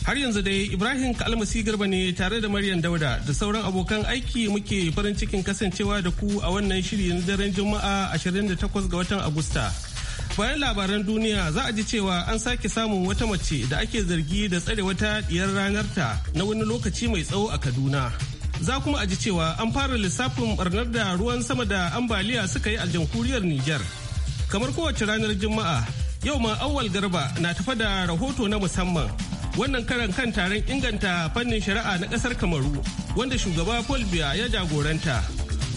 Har yanzu dai Ibrahim Kalmasi Garba ne tare da Maryam Dauda da sauran abokan aiki muke farin cikin kasancewa da ku a wannan shiri na daren Juma'a 28 ga watan Agusta. Bayan labaran duniya za a ji cewa an sake samun wata mace da ake zargi da tsare wata diyar ranarta na wani lokaci mai tsawo a Kaduna. Za kuma a ji cewa an fara lissafin barnar da ruwan sama da ambaliya suka yi a jamhuriyar niger Kamar kowace ranar Juma'a, yau ma awwal garba na tafa da rahoto na musamman. wannan karan kan taron inganta fannin shari'a na kasar kamaru wanda shugaba paul biya ya jagoranta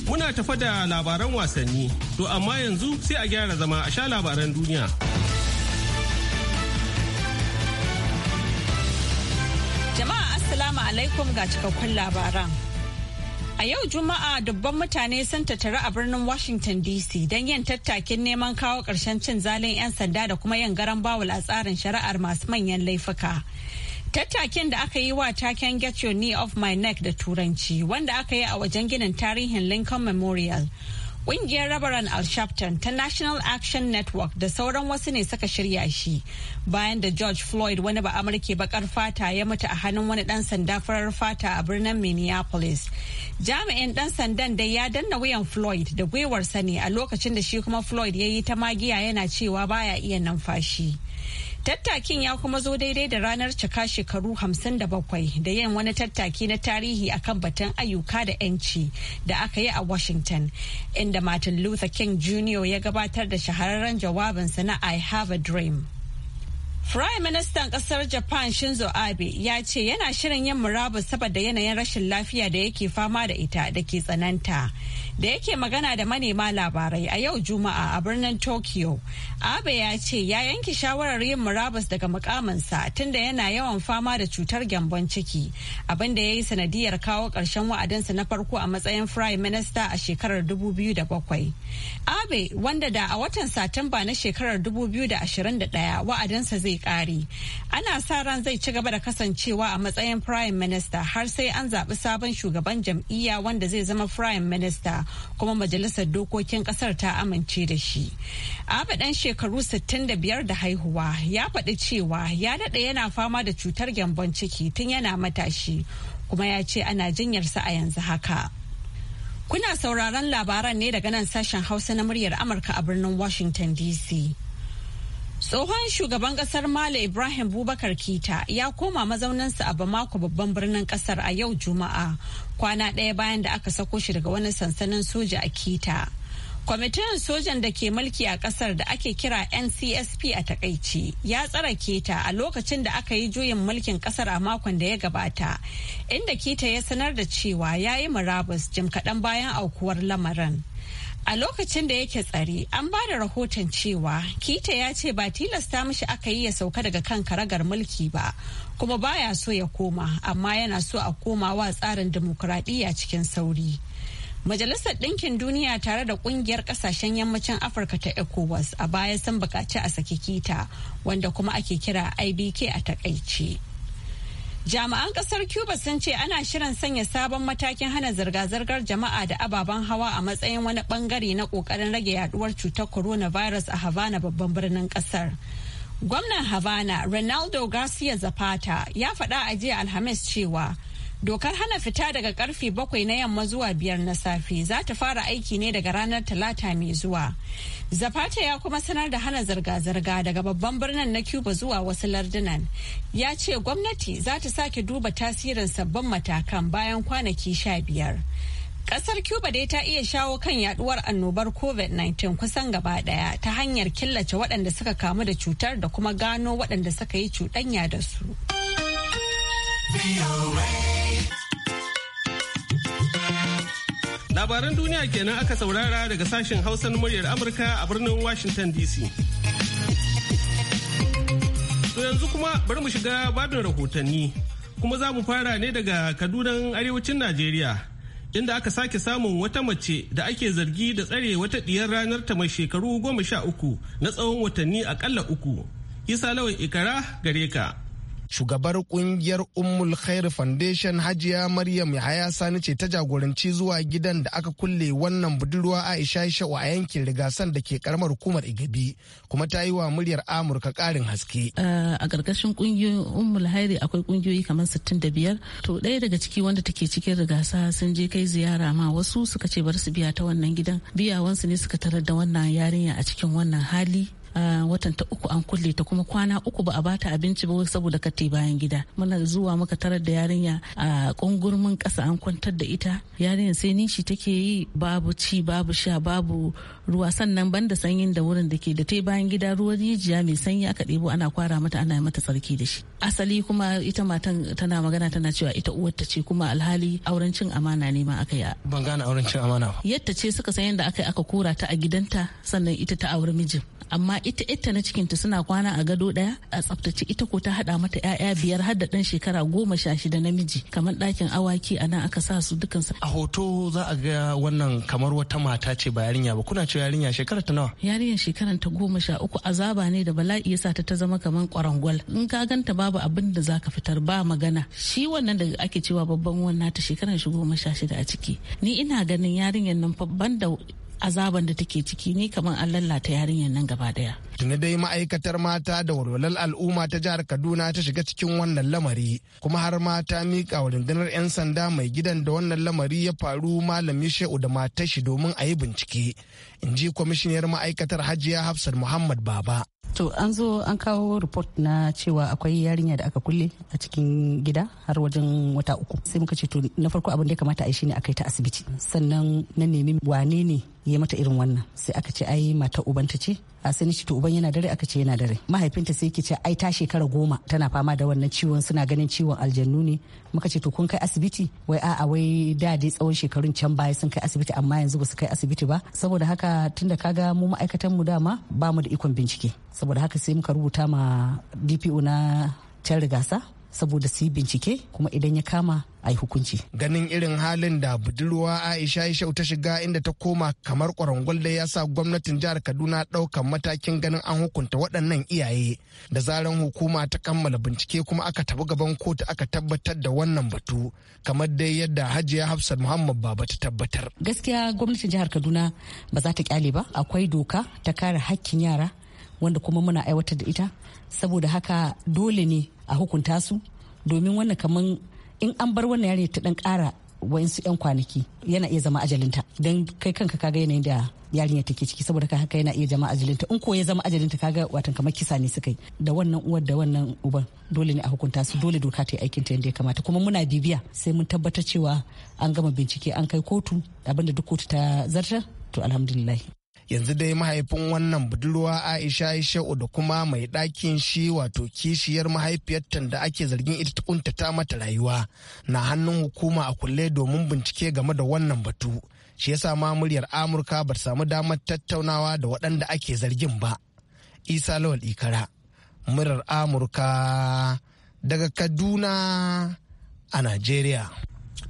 muna tafa da labaran wasanni to amma yanzu sai a gyara zama a sha labaran duniya jama'a assalamu alaikum ga cikakkun labaran A yau Juma'a dubban mutane sun tattaru a birnin Washington DC don yin tattakin neman kawo ƙarshen cin zalin 'yan sanda da kuma yin garan bawul a tsarin shari'ar masu manyan laifuka. Tattakin da aka yi wa taken Get Your Knee Off My Neck da Turanci wanda aka yi a wajen ginin tarihin Lincoln Memorial. Ƙungiyar Rabaran al ta National Action Network da sauran wasu ne suka shirya shi bayan da George Floyd wani ba Amurke bakar fata ya mutu a hannun wani ɗan sanda farar fata a birnin Minneapolis. Jami'in ɗan sandan dai ya danna wuyan Floyd da gwiwarsa ne a lokacin da shi kuma Floyd ya yi ta magiya yana cewa baya iya numfashi. Tattakin ya kuma zo daidai da ranar cika shekaru 57 da yin wani tattaki na tarihi a kan batun ayyuka da 'yanci da aka yi a Washington, inda Martin Luther King Jr. ya gabatar da shahararren jawabinsa na I Have a Dream. Prime Ministan kasar Japan Shinzo Abe ya ce yana shirin yin murabus saboda yanayin rashin lafiya da yake fama da ita da ke tsananta. da yake magana da manema labarai a yau juma'a a birnin tokyo abe ya ce ya yanki shawarar yin murabus daga mukaminsa tunda yana yawan fama da cutar gyambon ciki abinda ya yi sanadiyar kawo karshen wa'adinsa na farko a matsayin prime minister a shekarar 2007 abe wanda da a watan satumba na shekarar 2021 wa'adinsa zai kare ana sa ran zai ci gaba da kasancewa a matsayin prime minister har sai an zaɓi sabon shugaban jam'iyya wanda zai zama prime minister kuma majalisar dokokin kasar ta amince da shi. Abu ɗan shekaru 65 da haihuwa ya faɗi cewa ya daɗe yana fama da cutar gyambon ciki tun yana matashi kuma ya ce ana jinyarsa a yanzu haka. Kuna sauraron labaran ne daga nan sashen Hausa na muryar Amurka a birnin Washington DC. Tsohon shugaban kasar Mali Ibrahim Bubakar Kita ya koma mazauninsa a Bamako babban birnin kasar a yau Juma'a kwana ɗaya bayan da aka sako shi daga wani sansanin soja a Kita. Kwamitin sojan da ke mulki a kasar da ake kira NCSP a takaici ya tsara Kita a lokacin da aka yi juyin mulkin kasar a makon da ya gabata, inda Kita ya sanar da cewa ya yi murabus jim kaɗan bayan aukuwar lamarin. A lokacin da yake tsare, an ba da rahoton cewa Kita ya ce ba tilasta mishi aka yi ya sauka daga kan karagar mulki ba, kuma baya so ya koma, amma yana so a koma wa tsarin dimokuraɗiyya cikin sauri. Majalisar Ɗinkin Duniya tare da ƙungiyar ƙasashen yammacin Afirka ta ECOWAS a baya sun buƙaci a saki Kita, wanda kuma ake kira IBK a taƙaice. Jami'an kasar Cuba sun ce ana shirin sanya sabon matakin hana zirga-zirgar jama'a da ababen hawa a matsayin wani bangare na kokarin rage yaduwar cutar coronavirus a Havana babban birnin kasar. Gwamnan Havana Ronaldo Garcia Zapata ya faɗa a jiya Alhamis cewa Dokar hana fita daga karfe bakwai na yamma zuwa biyar na safe za ta fara aiki ne daga ranar talata mai zuwa. Zapata ya kuma sanar da hana zirga-zirga daga babban birnin na Cuba zuwa wasu lardunan. Ya ce gwamnati za ta sake duba tasirin sabbin matakan bayan kwanaki sha biyar. Kasar Cuba dai ta iya shawo kan yaduwar annobar COVID-19 kusan gaba daya ta hanyar killace waɗanda suka kamu da cutar da kuma gano waɗanda suka yi cuɗanya da su. Labaran duniya kenan aka saurara daga sashen Hausa muryar Amurka a birnin Washington DC. To yanzu kuma bari mu shiga babin rahotanni. Kuma za mu fara ne daga Kadunan Arewacin Najeriya. Inda aka sake samun wata mace da ake zargi da tsare wata diyar ranar ta mai shekaru goma sha uku na tsawon watanni akalla uku. Isa lawan ikara gare ka. shugabar kungiyar ummul khair foundation hajiya maryam yahaya sani ce ta jagoranci zuwa gidan da aka kulle wannan budurwa aisha sha'u a yankin rigasan da ke karamar hukumar igabi kuma ta yi wa muryar amurka karin haske eh, a ƙarƙashin kungiyoyin ummul khair akwai kungiyoyi kamar 65 to ɗaya daga ciki wanda take cikin rigasa sun je kai ziyara ma wasu suka ce bar su biya ta wannan gidan biyawansu ne suka tarar da wannan yarinya a cikin wannan hali watan ta uku an kulle ta kuma kwana uku ba a bata abinci ba saboda te bayan gida muna zuwa muka tarar da yarinya a kungurmin kasa an kwantar da ita yarinya sai nishi take yi babu ci babu sha babu ruwa sannan banda sanyin da wurin da ke da ta bayan gida ruwan rijiya mai sanyi aka ɗebo ana kwara mata ana mata tsarki da shi asali kuma ita matan tana magana tana cewa ita uwar ce kuma alhali auren cin amana ne ma aka yi ban gane auren cin amana yadda ce suka san yadda aka aka kora ta a gidanta sannan ita ta auri mijin amma ita ita na cikinta suna kwana a gado daya a tsaftace ita ko ta hada mata yaya biyar har da dan shekara goma sha shida namiji kamar ɗakin awaki a nan aka sa su dukansu. A hoto za a ga wannan kamar wata mata ce ba yarinya ba kuna cewa yarinya shekara ta nawa? Yarinyar shekaran ta goma sha uku azaba ne da bala'i ya sa ta ta zama kamar kwarangwal in ka ganta babu abin da zaka fitar ba magana shi wannan da ake cewa babban wannan ta shekaran shi goma sha shida a ciki ni ina ganin yarinyar nan fa banda azaban da take ciki ni kamar an lallata yarinyar nan gaba daya. Tuni dai ma'aikatar mata da walwalar al'umma ta jihar Kaduna ta shiga cikin wannan lamari kuma har ma ta miƙa wa rundunar 'yan sanda mai gidan da wannan lamari ya faru malami Shehu da matar shi domin a yi bincike. In ji kwamishiniyar ma'aikatar Hajiya Hafsat Muhammad Baba. to an zo an kawo report na cewa akwai yarinya da aka kulle a cikin gida har wajen wata uku sai muka ce to na farko abin da ya kamata a yi shine a kai ta asibiti sannan na nemi wane ne ya mata irin wannan sai aka ce ai mata ubanta ce a sai ce to uban yana dare aka ce yana dare mahaifinta sai yake ce ai ta shekara goma tana fama da wannan ciwon suna ganin ciwon aljannu ne muka ce to kun kai asibiti wai a'a wai da dai tsawon shekarun can baya sun kai asibiti amma yanzu ba su kai asibiti ba saboda haka tunda kaga mu ma'aikatan mu dama ba mu da ikon bincike saboda haka sai muka rubuta ma DPO na can rigasa saboda su yi bincike kuma idan ya kama a yi hukunci. Ganin irin halin da budurwa Aisha Aisha ta shiga inda ta koma kamar kwarangwal da ya sa gwamnatin jihar Kaduna ɗaukan matakin ganin an hukunta waɗannan iyaye. Da zaran hukuma ta kammala bincike kuma aka tafi gaban kotu aka tabbatar da wannan batu kamar dai yadda Hajiya Hafsat Muhammad Baba ta tabbatar. Gaskiya gwamnatin jihar Kaduna ba za ta kyale ba akwai doka ta kare hakkin yara wanda kuma muna aiwatar da ita saboda haka dole ne a hukunta su domin wannan kaman in an bar wannan yare ta dan kara wayansu yan kwanaki yana iya zama ajalinta don kai kanka kaga yanayin da yarinyar take ciki saboda ka haka yana iya zama ajalinta in ko ya zama ajalinta kaga watan kamar kisa ne suka yi da wannan uwar da wannan uban dole ne a hukunta su dole doka ta yi aikin ta yanda ya kamata kuma muna bibiya sai mun tabbatar cewa an gama bincike an kai kotu abinda duk kotu ta zarta to alhamdulillah yanzu dai mahaifin wannan budurwa aisha sha'u da kuma mai ɗakin shi wato kishiyar mahaifiyarta da ake zargin ita kuntata mata rayuwa na hannun hukuma a kulle domin bincike game da wannan batu shi yasa ma muryar amurka ba samu damar tattaunawa da waɗanda ake zargin ba isa lawal ikara murar amurka daga kaduna a najeriya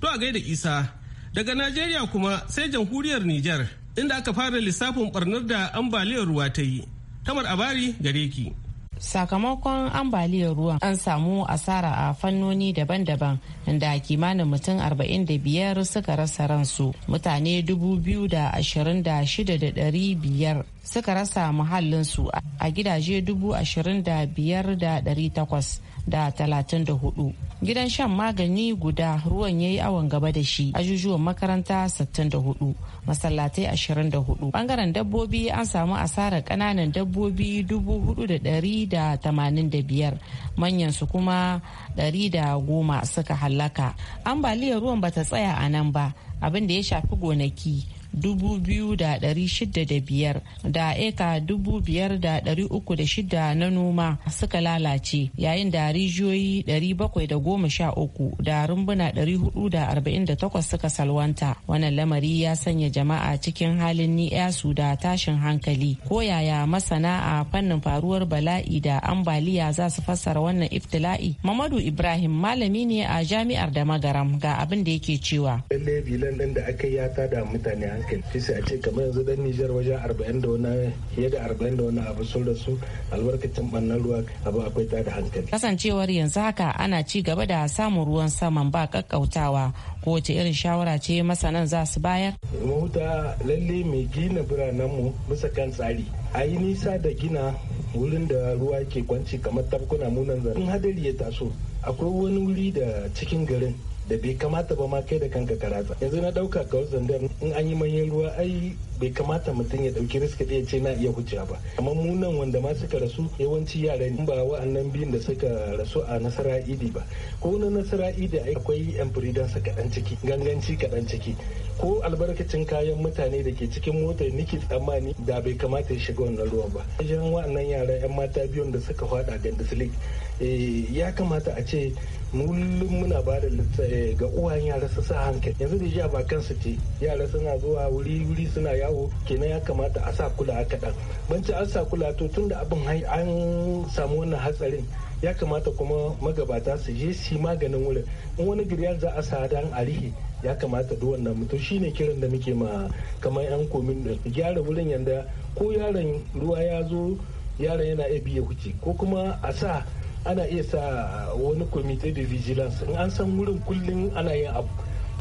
to a gaida isa daga najeriya kuma sai jamhuriyar Nijar. inda aka fara lissafin barnar da ambaliyar ruwa ta yi. Tamar Abari gare ki. Sakamakon ambaliyar ruwan an samu asara a fannoni daban-daban da kimanin mutum 45 suka rasa ransu mutane 226,500 suka rasa muhallinsu a gidaje 25,800 da talatin da hudu gidan shan magani guda ruwan yayi yi awon gaba da shi ajujuwan makaranta 64 masallatai 24 bangaren dabbobi an samu asarar kananan dabbobi da biyar manyan su kuma da goma suka hallaka ambaliyar ruwan bata tsaya a nan ba abin da ya shafi gonaki 2,605 da eka 5,306 na noma suka lalace yayin da rijiyoyi 713 da rumbuna 448 suka salwanta wannan lamari ya sanya jama'a cikin halin ni'yasu da tashin hankali ko yaya masana a fannin faruwar bala'i da ambaliya za su fassara wannan iftila'i mamadu ibrahim malami ne a jami'ar da magaram ga abin da yake cewa lallai bilan da aka yi ya tada mutane haɗin fi a ce kamar yanzu dan Nijar wajen arba'in da wani fiye da arba'in da wani abu sun rasu albarkacin ɓannan ruwa abu akwai ta da hankali. Kasancewar yanzu haka ana ci gaba da samun ruwan saman ba kakkautawa kowace irin shawara ce masanan za su bayar. Mahuta lalle mai gina biranenmu bisa kan tsari a yi nisa da gina wurin da ruwa ke kwanci kamar tafkuna munan zan hadari ya taso akwai wani wuri da cikin garin da bai kamata ba ma kai da kanka ka ratsa yanzu na dauka ga zandar in an yi manyan ruwa ai bai kamata mutum ya dauki riska ɗaya ce na iya huce ba amma munan wanda ma suka rasu yawanci yara ne ba wa'annan biyun da suka rasu a nasara'idi ba ko na nasara idi akwai yan firidansa kaɗan ciki ganganci kaɗan ciki ko albarkacin kayan mutane da ke cikin motar niki tsammani da bai kamata ya shiga wannan ruwan ba wajen wa'annan yara yan mata biyun da suka fada gandislik eh, ya kamata a ce kullum muna ba da eh, ga uwayen yara su sa hankali yanzu da jiya ba kansu ce yara suna zuwa wuri wuri suna yawo kenan ya kamata a sa kula kaɗan banci an sa kula to tun da abin an samu wannan hatsarin ya kamata kuma magabata su je su yi maganin wurin in wani girya za a sa dan arihi ya kamata duk wannan mutum ne kiran da muke ma kamar yan komin da gyara wurin yanda ko yaron ruwa ya zo yaron yana iya biya kuce ko kuma a sa ana iya sa wani komite da vigilance in an san wurin kullum ana yin abu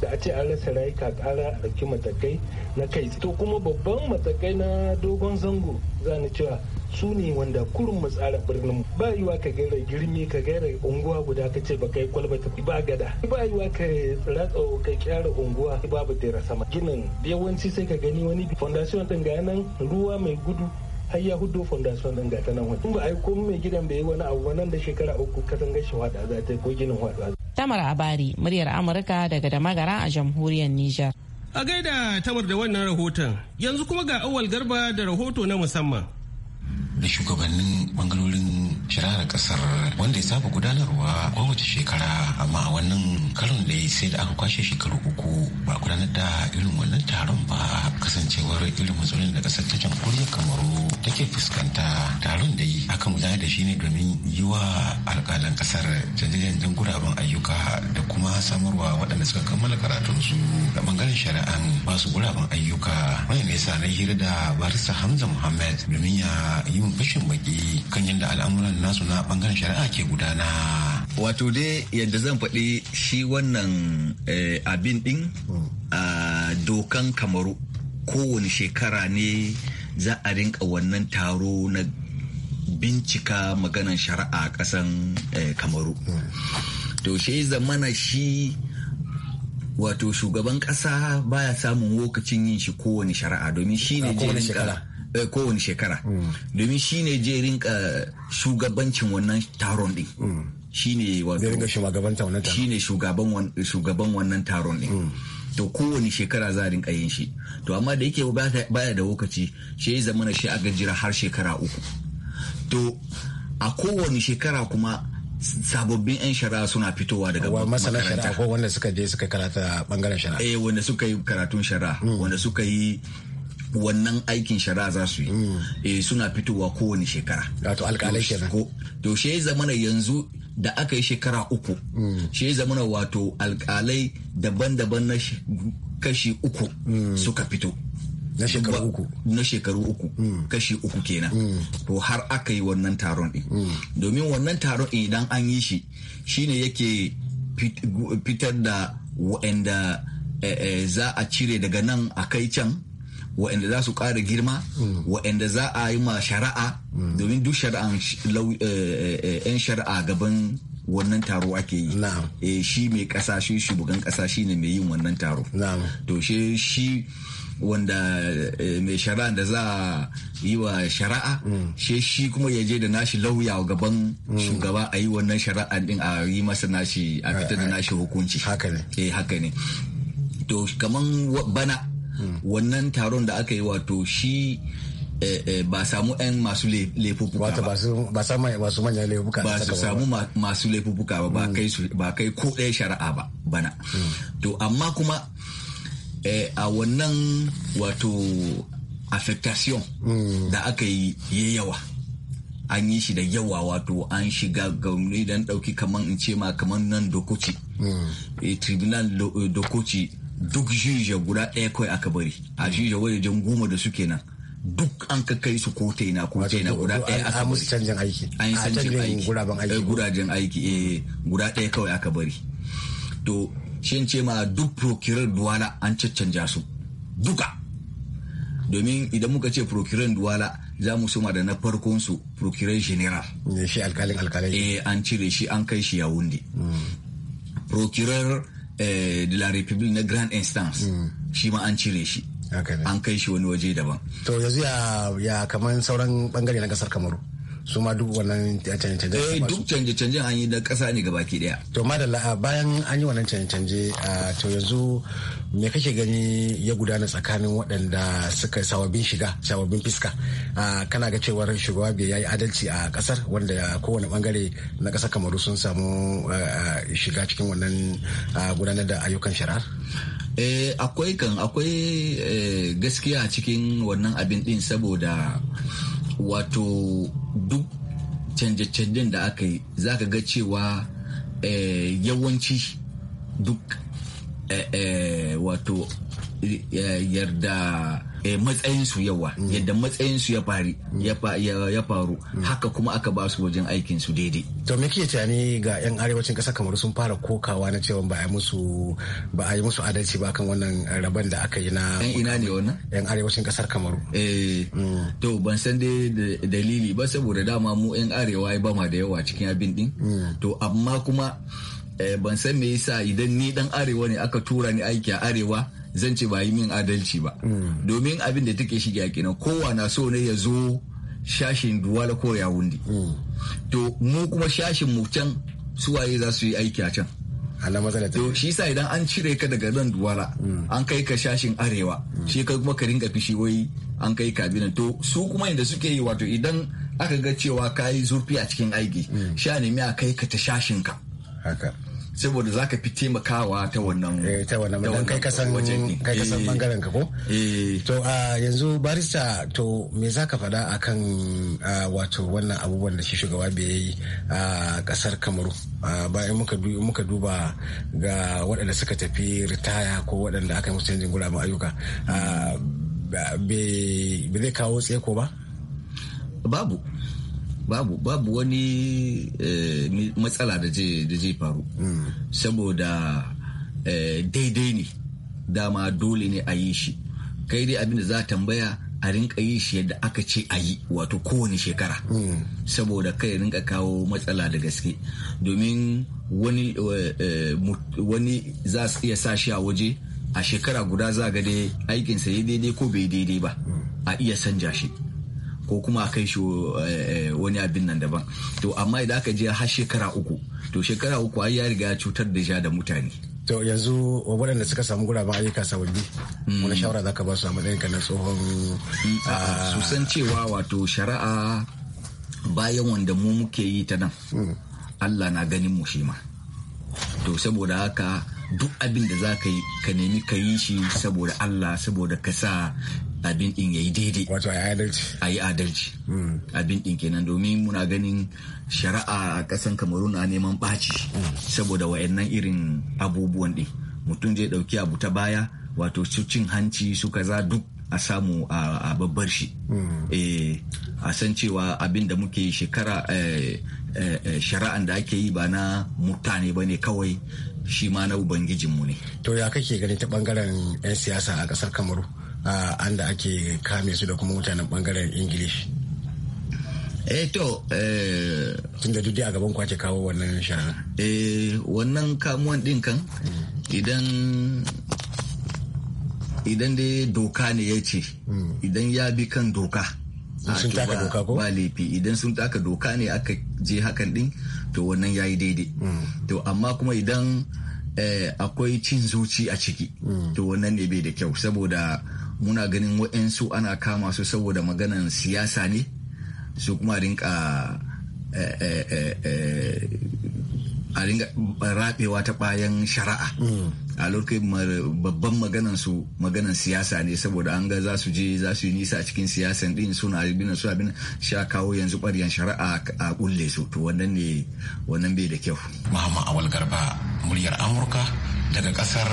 da a ce an rasa rayuka kara a ɗauki matakai na kai to kuma babban matakai na dogon zango za ni cewa su ne wanda kurin mu tsara birnin ba yiwa ka gaira girmi ka gaira unguwa guda ka ce ba kai kwalba ta ba gada ba yiwa ka ratsa ka kyara unguwa babu dera sama ginin yawanci sai ka gani wani foundation din ga nan ruwa mai gudu har ya hudu foundation din ga ta nan wani ba ai komai gidan bai yi wani abu nan da shekara uku ka san gashi wada za ta ko ginin wada Tamar Abari, muryar Amurka daga Damagara a jamhuriyar Nijar. A gaida tamar da wannan rahoton, yanzu kuma ga awal garba da rahoto na musamman. da shugabannin bangarorin shirarar kasar wanda ya saba gudanarwa kowace shekara amma a wannan karon da ya sai da aka kwashe shekaru uku ba gudanar da irin wannan taron ba akwai irin matsalolin da kasar ta jamhuriyar kamaru take fuskanta taron da yi aka gudanar da shi ne domin yi wa alƙalan kasar canje-canjen guraben ayyuka da kuma samarwa waɗanda suka kammala karatunsu da bangaren shari'an ba su guraben ayyuka wani ne sa na hira da barista hamza muhammad domin ya yi min fashin baki kan yadda al'amuran nasu na bangaren shari'a ke gudana wato dai yadda zan faɗi shi wannan eh, abin ɗin hmm. a dokan kamaru kowane shekara ne za a rinka wannan taro na bincika maganan shari'a a kasan eh, kamaru to shi zamana shi wato shugaban kasa baya samun lokacin yin shi kowane shari'a domin shi ne eh, kowane shekara mm. domin shi ne je rinka shugabancin wannan taron din mm. shi ne wato shi ne shugaban wannan taron din mm. to kowane shekara za a rinka yin shi to amma da yake baya da lokaci shi ya zama na shi aka jira har shekara uku to a kowane shekara kuma sababbin 'yan shari'a suna fitowa daga masana shari'a ko wanda suka je suka karata bangaren shari'a eh wanda suka yi karatun shari'a hmm. wanda suka yi wannan aikin shari'a za su yi hmm. eh, suna fitowa kowane shekara wato alkalai kenan to shi ya zama yanzu da aka yi shekara uku shi ya zama wato alkalai daban-daban na kashi uku suka fito na shekaru uku na shekaru uku kashi uku kenan to har aka yi wannan taron din domin wannan taron idan an yi shi shine yake fitar da wa'anda eh, eh, za a cire daga nan a kai can waɗanda za su ƙara girma waɗanda za a yi ma shari'a domin duk shari'an 'yan eh, eh, eh, shari'a gaban wannan taro ake yi e, shi mai ƙasa shi shugaban ƙasa shi ne mai yin wannan taro to shi shi wanda mai shari'a da za a yi wa shari'a mm. shi shi kuma ya je da nashi lauya gaban mm. shugaba a yi wannan shari'a din a yi masa nashi a fitar da nashi hukunci haka ne to kaman bana wannan taron da aka yi wato shi eh, eh, ba samu 'yan masu laifuka ba. ba mm. su samu masu laifuka ba ba kai ko ɗaya shari'a ba bana. Mm. To amma kuma eh, a wannan wato affectation mm. da aka yi ya yawa. An yi shi da yawa wato an shiga gauni don ɗauki kaman in ce ma kaman nan dokoci. Tribunal dokoci duk jija guda ɗaya kawai aka bari a jija wajen goma da suke nan duk an ka kai su ko ta ina ko ta ina guda ɗaya aka bari musu canjin aiki an yi canjin aiki guraben aiki eh, gurajen aiki eh guda ɗaya kawai aka bari to shi ce ma duk prokirar duwala an caccanja su duka domin idan muka ce prokirar duwala za mu suma da na farkon su prokirar general ne shi alkalin alkalai eh an cire shi an kai shi yawundi mm. prokirar Eh, de la république na grand instance mm. shi ma an cire shi an kai shi wani waje daban to yanzu ya kamar sauran bangare na kasar kamaru su ma duk wannan canje-canje. Eh duk canje-canje an yi na kasa ne gabaki daya. To madalla bayan an yi wannan canje-canje to yanzu me kake gani ya gudana tsakanin waɗanda suka sababbin shiga sababbin fiska kana ga cewar shugaba bai yayi adalci a kasar wanda kowane bangare na kasar kamaru sun samu shiga cikin wannan gudanar da ayyukan shari'ar. Eh, akwai kan akwai eh, gaskiya cikin wannan abin din saboda wato duk canje-canjen da aka yi za ka ga cewa eh, yawanci duk eh, eh, wato yarda Eh, matsayin su yawa mm. yadda matsayin su ya fari mm. ya faru mm. haka kuma aka ba su wajen aikin su daidai to me kike tunani ga yan arewacin kasa kamar sun fara kokawa na cewa ba a musu ba a yi musu adalci ba kan wannan rabon da aka yi na yan ina ne wannan yan arewacin kasar kamaru eh to ban san dai dalili ba saboda dama mu yan arewa ba ma da yawa cikin abin din to amma kuma eh, ban san me yasa idan ni dan arewa ne aka tura ni aiki a arewa zan ce ba yi min adalci ba domin abin da take shige a kenan kowa na so ne ya zo shashin duwala ko ya wundi to mu kuma shashin mu can suwaye za su yi aiki a can to shi sa idan an cire ka daga nan duwala an kai ka shashin arewa shi kai kuma ka ringa fishi wai an kai kabinan to su kuma inda suke yi wato idan aka ga cewa ka yi zurfi a cikin aiki mm. sha nemi a kai ka ta shashin ka haka saboda za ka fi taimakawa ta wannan eh, ta wannan kai kasan kai kasan eh. bangaren ka ko eh. to a yanzu barista to me za ka faɗa akan wato wannan abubuwan da shi shugaba bai yi a kasar Kamaru bayan muka duba ga waɗanda suka tafi ritaya ko waɗanda aka yi musu canjin guraben ayyuka bai zai kawo tseko ba babu babu babu wani eh, matsala da zai faru hmm. saboda eh, daidai ne dama dole ne a yi shi kai dai abin da za tambaya a rinka yi shi yadda aka ce a yi wato kowane shekara hmm. saboda kai rinka kawo matsala da gaske domin wani eh, wani za su iya sa shi a waje a shekara guda za ga dai aikinsa ya daidai ko bai daidai ba hmm. a iya sanja shi ko kuma a kai shi eh, eh, wani abin nan daban to amma idan aka je har shekara uku to shekara uku ai ya riga cutar da ja da mutane to yanzu waɗanda suka samu guraben ayyuka sabbi wani shawara za ka ba su a matsayin ka na tsohon mm, ah, su san cewa wato shari'a bayan wanda mu muke yi ta nan mm. Allah na ganin mu shi ma to saboda haka duk abin da za ka yi ka nemi ka yi shi saboda Allah saboda ka sa abin din yayi daidai wato a adalci a yi adalci hmm. abin din kenan domin muna ganin shari'a a kasan kamaru na neman ɓaci hmm. saboda waɗannan irin abubuwan din mutum zai ɗauki abu ta baya wato su cin hanci su kaza duk a samu a babbar shi hmm. eh, a san cewa abin da muke shekara eh, eh, shari'an da ake yi ba na mutane ba ne kawai shi ma na ubangijinmu ne to ya kake gani ta bangaren 'yan siyasa a ƙasar kamaru an da ake kame su da kuma mutanen bangaren ingilish eh to eh tun da duk a gaban kwace kawo wannan shara eh wannan kamuwan din kan mm. idan idan dai doka ne ya ce mm. idan ya bi kan doka ba laifi idan sun taka doka ne aka je hakan din to wannan ya yi daidai mm. to amma kuma idan eh, akwai cin zuci a ciki to wannan ne bai da kyau saboda muna ganin wa'yansu ana kama su saboda maganan siyasa ne su kuma rinka a rinka eh, eh, eh, rabewa ta bayan shari'a mm. a lokai babban maganan su maganan siyasa ne saboda an ga za su je za su yi nisa cikin siyasan din suna abinan su abin sha kawo yanzu ɓaryan shari'a a kulle su to wannan ne wannan bai da kyau. Mahama Awal Garba muryar Amurka daga ƙasar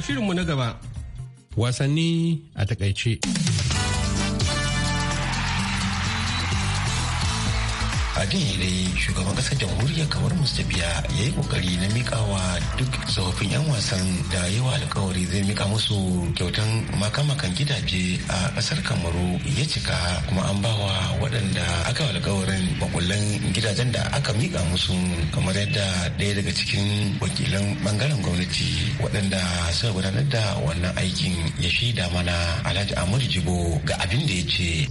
shirinmu na gaba. Wasanni a takaice. a jiya dai shugaban kasar jamhuriyar kamar mustabiya ya yi kokari na mikawa duk tsofaffin yan wasan da yawa alkawari zai mika musu kyautan makamakan gidaje a kasar kamaru ya cika kuma an bawa waɗanda aka alkawarin makullan gidajen da aka mika musu kamar yadda ɗaya daga cikin wakilan bangaren gwamnati waɗanda suka gudanar da wannan aikin ya shaida mana alhaji amur jibo ga abin da ya ce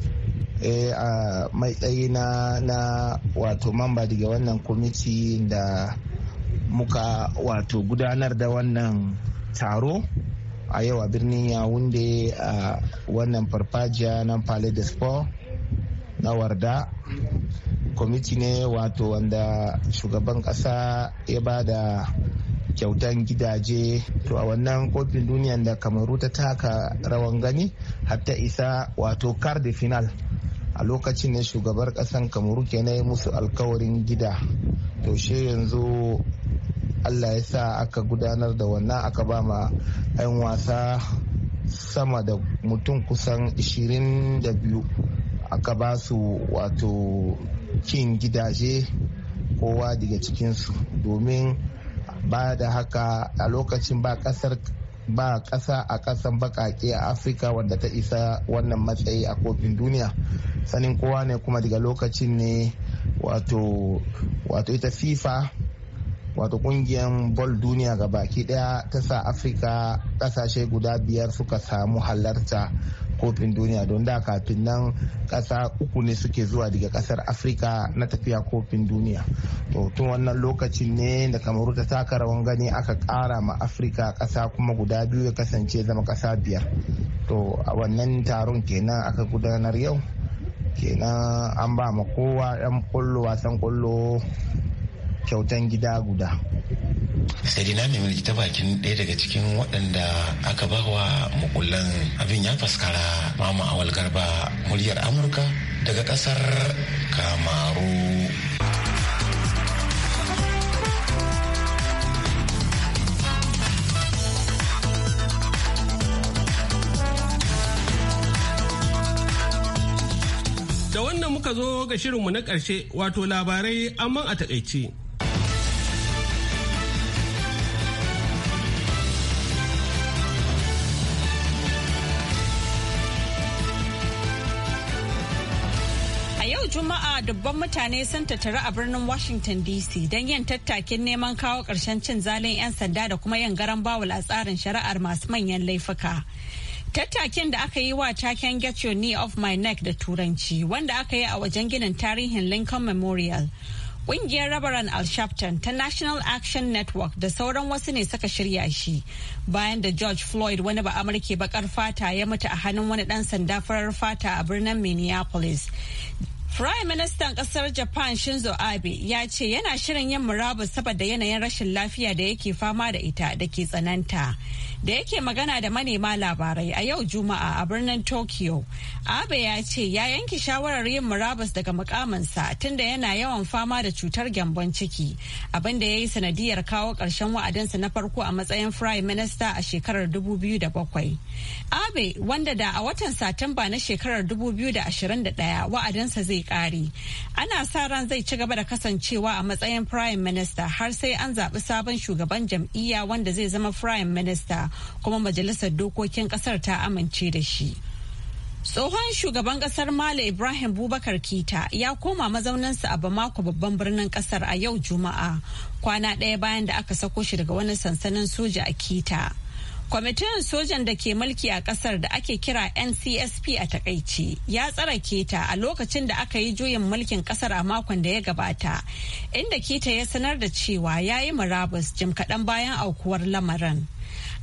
Eh, a matsayi na wato mamba daga wannan kwamiti da muka wato gudanar da wannan taro a yau a birnin yawunde a wannan farfajiya na palais de sport na warda kwamiti ne wato wanda shugaban kasa ya ba da kyautan gidaje to a wannan kofin duniya da kamaru ta taka rawan gani hatta isa wato kar da final a lokacin ne shugabar kasan kamaru na yi musu alkawarin gida to she yanzu allah ya sa aka gudanar da wannan aka ba ma 'yan wasa sama da mutum kusan 22 aka ba su wato kin gidaje kowa daga cikinsu domin ba da haka a lokacin ba kasar ba ƙasa a ƙasan baƙaƙe a afirka wanda ta isa wannan matsayi a kofin duniya sanin kowa ne kuma daga lokacin ne wato ita fifa wato kungiyar bol duniya ga baki daya ta sa afirka kasashe guda biyar suka samu halarta kofin duniya don da kafin nan kasa uku ne suke zuwa daga ƙasar afirka na tafiya kofin duniya to tun wannan lokacin ne da kamaru ta taka rawan gani aka ƙara ma afirka ƙasa kuma guda biyu ya kasance zama kasa biyar to a wannan taron kenan aka gudanar yau kenan an ba ma kowa 'yan kullo wasan kullo kyautan gida guda sai na ta bakin ɗaya daga cikin waɗanda aka ba wa mukullan abin ya faskara mama awal garba muryar amurka daga ƙasar kamaru da wannan muka zo ga shirinmu na ƙarshe wato labarai amma a takaice. dubban mutane sun tattaru a birnin Washington DC don yin tattakin neman kawo ƙarshen cin zalin 'yan sanda da kuma yin garan bawul a tsarin shari'ar masu manyan laifuka. Tattakin da aka yi wa taken Get Your Knee Off My Neck da Turanci wanda aka yi a wajen ginin tarihin Lincoln Memorial. Ƙungiyar Rabaran Al Sharpton ta National Action Network da sauran wasu ne suka shirya shi bayan da George Floyd wani ba Amurke bakar fata ya mutu a hannun wani ɗan sanda farar fata a birnin Minneapolis. Prime Ministan kasar Japan Shinzo Abe ya ce yana shirin yin murabus saboda yanayin rashin lafiya da yake fama da ita da ke tsananta. Da yake magana da manema labarai a yau Juma'a a birnin Tokyo, Abe ya ce ya yanke shawarar yin murabus daga mukaminsa tunda yana yawan fama da cutar gyambon ciki, abinda ya yi sanadiyar kawo ƙarshen wa'adinsa na farko a matsayin Prime Minister a shekarar 2007. Abe, wanda da a watan Satumba na shekarar 2021 wa'adinsa zai zai kare ana sa ran zai ci gaba da kasancewa a matsayin prime minister har sai an zaɓi sabon shugaban jam'iyya wanda zai zama prime minister kuma majalisar dokokin ƙasar ta amince da shi Tsohon shugaban kasar Mali Ibrahim Bubakar Kita ya koma mazauninsa a Bamako babban birnin kasar a yau Juma'a kwana ɗaya bayan da aka sako shi daga wani sansanin soja a Kita. Kwamitin sojan da ke mulki a kasar da ake kira NCSP a Takaice ya tsara keta a lokacin da aka yi juyin mulkin kasar a makon da ya gabata, inda keta ya sanar da cewa ya yi murabus jim kaɗan bayan aukuwar lamarin.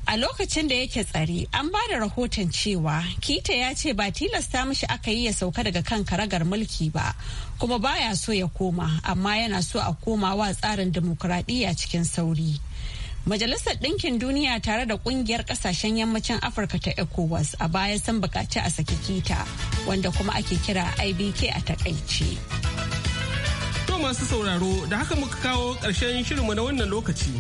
A lokacin da yake tsare, an ba da rahoton cewa Kita ya ce ba tilasta mishi aka yi ya sauka daga kan karagar mulki ba, kuma baya so ya koma, amma yana so a komawa tsarin dimokuraɗiyya cikin sauri. Majalisar Ɗinkin Duniya tare da ƙungiyar ƙasashen yammacin Afirka ta ECOWAS a baya sun buƙaci a saki kita wanda kuma ake kira IBK a takaice. To masu sauraro da haka muka kawo ƙarshen mu na wannan lokaci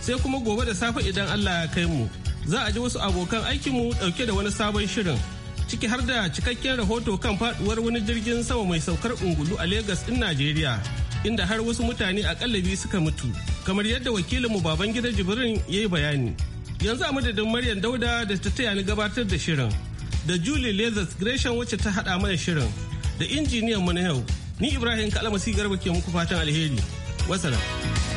sai kuma gobe da safe idan Allah ya kai mu za a ji wasu abokan aikinmu ɗauke da wani sabon shirin. ciki har da cikakken rahoto kan faɗuwar wani jirgin sama mai saukar ungulu a Legas ɗin Najeriya. inda har wasu mutane a biyu suka mutu kamar yadda wakilinmu baban gida jibrin ya yi bayani yanzu a madadin maryam dauda da ta taya ni gabatar da shirin da julie lezers gresham wacce ta haɗa mana shirin da injiniyan mu na yau ni ibrahim kalamasi garba ke muku fatan alheri wasalam